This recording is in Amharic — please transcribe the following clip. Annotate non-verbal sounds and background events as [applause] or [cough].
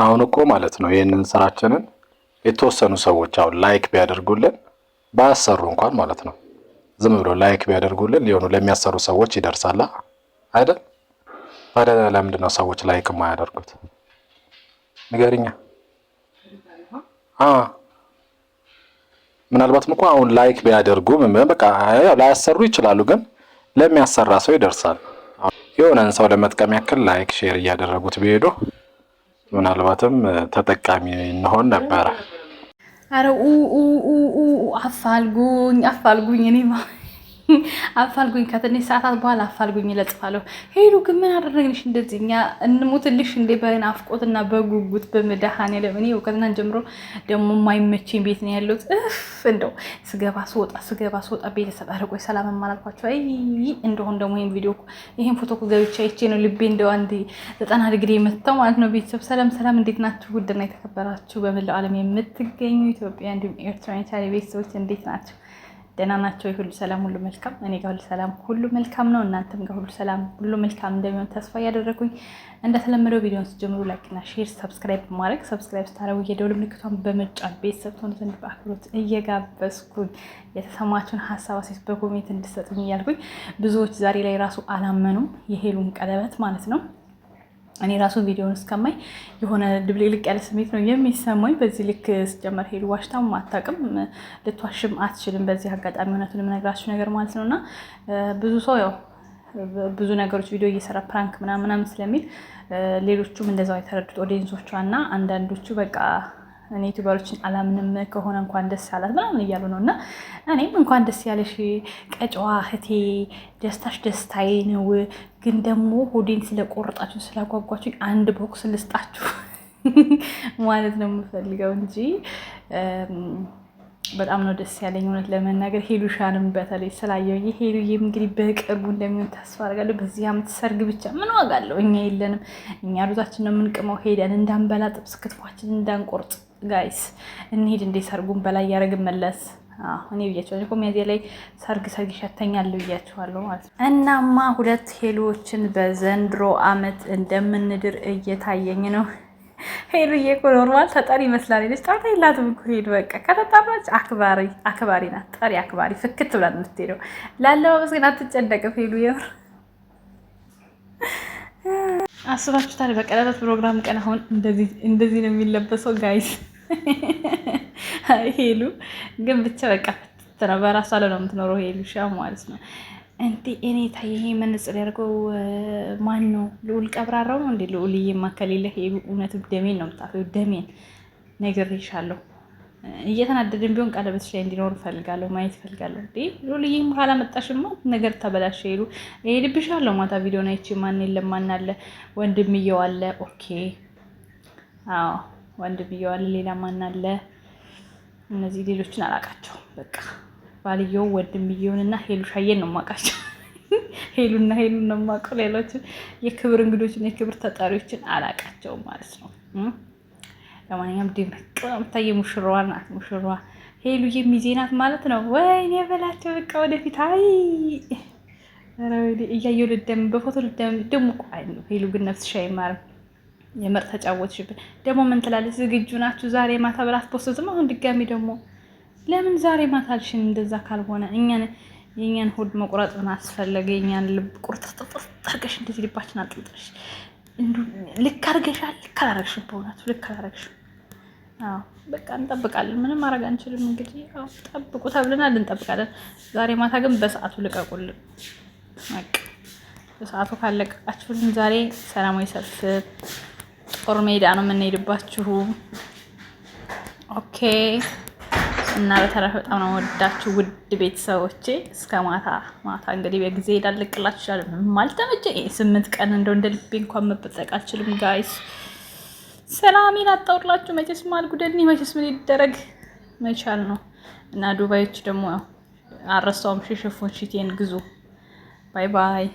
አሁን እኮ ማለት ነው ይህንን ስራችንን የተወሰኑ ሰዎች አሁን ላይክ ቢያደርጉልን ባያሰሩ እንኳን ማለት ነው ዝም ብሎ ላይክ ቢያደርጉልን ሊሆኑ ለሚያሰሩ ሰዎች ይደርሳላ አይደል? ታዲያ ለምንድን ነው ሰዎች ላይክ የማያደርጉት? ንገርኛ። ምናልባትም እኮ አሁን ላይክ ቢያደርጉ በቃ ላያሰሩ ይችላሉ፣ ግን ለሚያሰራ ሰው ይደርሳል። የሆነን ሰው ለመጥቀም ያክል ላይክ ሼር እያደረጉት ቢሄዱ ምናልባትም ተጠቃሚ እንሆን ነበረ። አረ አፋልጉኝ አፋልጉኝ እኔ አፋልጉኝ፣ ከትንሽ ሰዓታት በኋላ አፋልጉኝ ይለጽፋለሁ። ሄዱ ግን ምን አደረግንሽ? እንደዚህ እኛ እንሙትልሽ እንዴ? በናፍቆትና በጉጉት በመድኃኔዓለም እኔ እውቀትናን ጀምሮ ደግሞ የማይመቸኝ ቤት ነው ያለሁት። እንደው ስገባ ስወጣ ስገባ ስወጣ ቤተሰብ አርቆ ሰላም የማላልኳቸው አይ እንደሆን ደግሞ ይህን ቪዲዮ ይህን ፎቶ ገብቻ ይቼ ነው ልቤ እንደው አንድ ዘጠና ዲግሪ የመታው ማለት ነው። ቤተሰብ ሰላም ሰላም፣ እንዴት ናችሁ? ውድና የተከበራችሁ በመላው ዓለም የምትገኙ ኢትዮጵያ እንዲሁም ኤርትራ ቤተሰቦች እንዴት ናቸው? ደህና ናቸው? ሁሉ ሰላም፣ ሁሉ መልካም። እኔ ጋር ሁሉ ሰላም፣ ሁሉ መልካም ነው። እናንተም ጋር ሁሉ ሰላም፣ ሁሉ መልካም እንደሚሆን ተስፋ እያደረኩኝ እንደተለመደው ቪዲዮን ስጀምሩ ላይክና ሼር፣ ሰብስክራይብ ማድረግ ሰብስክራይብ ስታረጉ የደውል ምልክቷን በመጫን ቤተሰብ ትሆኑ ዘንድ በአክብሮት እየጋበዝኩኝ የተሰማችሁን ሀሳብ አሴት በኮሜንት እንድሰጡኝ እያልኩኝ ብዙዎች ዛሬ ላይ ራሱ አላመኑም የሄሉን ቀለበት ማለት ነው እኔ ራሱ ቪዲዮን እስከማይ የሆነ ድብልቅልቅ ያለ ስሜት ነው የሚሰማኝ። በዚህ ልክ ስጀመር ሄዱ ዋሽታም አታውቅም፣ ልትዋሽም አትችልም። በዚህ አጋጣሚ እውነቱን የምነግራችሁ ነገር ማለት ነው እና ብዙ ሰው ያው ብዙ ነገሮች ቪዲዮ እየሰራ ፕራንክ ምናምናም ስለሚል ሌሎቹም እንደዛው የተረዱት ኦዲየንሶቿ እና አንዳንዶቹ በቃ እኔ ዩቲዩበሮችን አላምንም ከሆነ እንኳን ደስ አላት ምናምን እያሉ ነው። እና እኔም እንኳን ደስ ያለሽ ቀጫዋ እህቴ፣ ደስታሽ ደስታዬ ነው። ግን ደግሞ ሆዴን ስለቆረጣችሁ ስላጓጓችሁ አንድ ቦክስ ልስጣችሁ [laughs] ማለት ነው የምፈልገው እንጂ በጣም ነው ደስ ያለኝ እውነት ለመናገር ሄሉሻንም በተለይ ስላየው። ስላየሁኝ ሄሉዬም እንግዲህ በቅርቡ እንደሚሆን ተስፋ አድርጋለሁ። በዚህ ዓመት ሰርግ ብቻ ምን ዋጋ አለው? እኛ የለንም። እኛ ሩዛችን ነው የምንቅመው ሄደን እንዳንበላ ጥብስ ክትፏችን እንዳንቆርጥ ጋይስ እንሂድ እንዴ ሰርጉን በላይ ያደረግን መለስ እኔ ብያቸዋለሁ እኮ ሚያዚያ ላይ ሰርግ ሰርግ ይሸተኛል ብያቸዋለሁ ማለት ነው። እናማ ሁለት ሄሎችን በዘንድሮ አመት እንደምንድር እየታየኝ ነው። ሄሉዬ እኮ ኖርማል ተጠሪ ይመስላል። ልጅ ጠርታ የላትም እኮ ሄዱ። በቃ ከተጣራች አክባሪ አክባሪ ናት። ጠሪ አክባሪ ፍክት ብላት የምትሄደው ላለባበስ ግን አትጨነቅም ሄሉ የምር አስባችሁታል። በቀለበት ፕሮግራም ቀን አሁን እንደዚህ ነው የሚለበሰው ጋይስ ሄሉ ግን ብቻ በቃ ነው በራሷ ላይ ነው የምትኖረው ሄሉ ሻ ማለት ነው። እንዲ እኔ ታየ ይሄ መነጽር ያደርገው ማን ነው? ልዑል ቀብራራው ነው እንዴ? ልዑልዬ ማከሌለ እውነት ደሜን ነው የምታፈው። ደሜን ነግሬሻለሁ። እየተናደድን ቢሆን ቀለበት ላይ እንዲኖር ፈልጋለሁ፣ ማየት ፈልጋለሁ። ልዑል እንዴ ልዑልዬም ካላመጣሽማ ነገር ተበላሽ። ሄሉ እሄድብሻለሁ። ማታ ቪዲዮ ናይቼ ማን የለም ማን አለ ወንድምየው አለ። ኦኬ አዎ ወንድ አለ፣ ሌላ ማን አለ? እነዚህ ሌሎችን አላውቃቸውም። በቃ ባልየው ወንድምየውንና ሄሉ ሻየን ነው የማውቃቸው። [laughs] ሄሉና ሄሉ ነው የማውቀው። ሌሎችን የክብር እንግዶችን የክብር ተጠሪዎችን አላውቃቸውም ማለት ነው። ለማንኛውም ድምቅ የምታየ ሙሽራዋ ናት። ሙሽሯ ሄሉ የሚዜ ናት ማለት ነው። ወይኔ በላቸው በቃ ወደፊት አይ እያየው ልደም በፎቶ ልደም ደግሞ ሄሉ ግን ነፍስሻ ይማርም የምር ተጫወትሽብን። ደግሞ ምን ትላለች? ዝግጁ ናችሁ ዛሬ ማታ ብላት አትፖስትም። አሁን ድጋሚ ደግሞ ለምን ዛሬ ማታ አልሽን? እንደዛ ካልሆነ እኛን የእኛን ሆድ መቁረጥ ምን አስፈለገ? የእኛን ልብ ቁርጥጥጥጥ አድርገሽ እንደዚህ ልባችን አጥልጥሽ ልክ አድርገሻል። ልክ አላረግሽም፣ በእውነቱ ልክ አላረግሽም። አዎ በቃ እንጠብቃለን። ምንም ማድረግ አንችልም። እንግዲህ አዎ ጠብቁ ተብለናል፣ እንጠብቃለን። ዛሬ ማታ ግን በሰዓቱ ልቀቁልን። በቃ በሰዓቱ ካለቀቃችሁልን ዛሬ ሰላማዊ ሰልፍ ጦር ሜዳ ነው የምንሄድባችሁ። ኦኬ እና በተረፈ በጣም ነው ወዳችሁ ውድ ቤተሰቦቼ። እስከ ማታ ማታ እንግዲህ በጊዜ ሄዳልቅላችሁ ይችላል። ማልተመቸ ስምንት ቀን እንደው እንደ ልቤ እንኳን መበጠቅ አልችልም። ጋይስ ሰላሜን አጣውላችሁ። መቼስ ማልጉደልኒ መቼስ ምን ይደረግ መቻል ነው እና ዱባዮች ደግሞ አረሳውም ሽሽፉን ሽቴን ግዙ። ባይ ባይ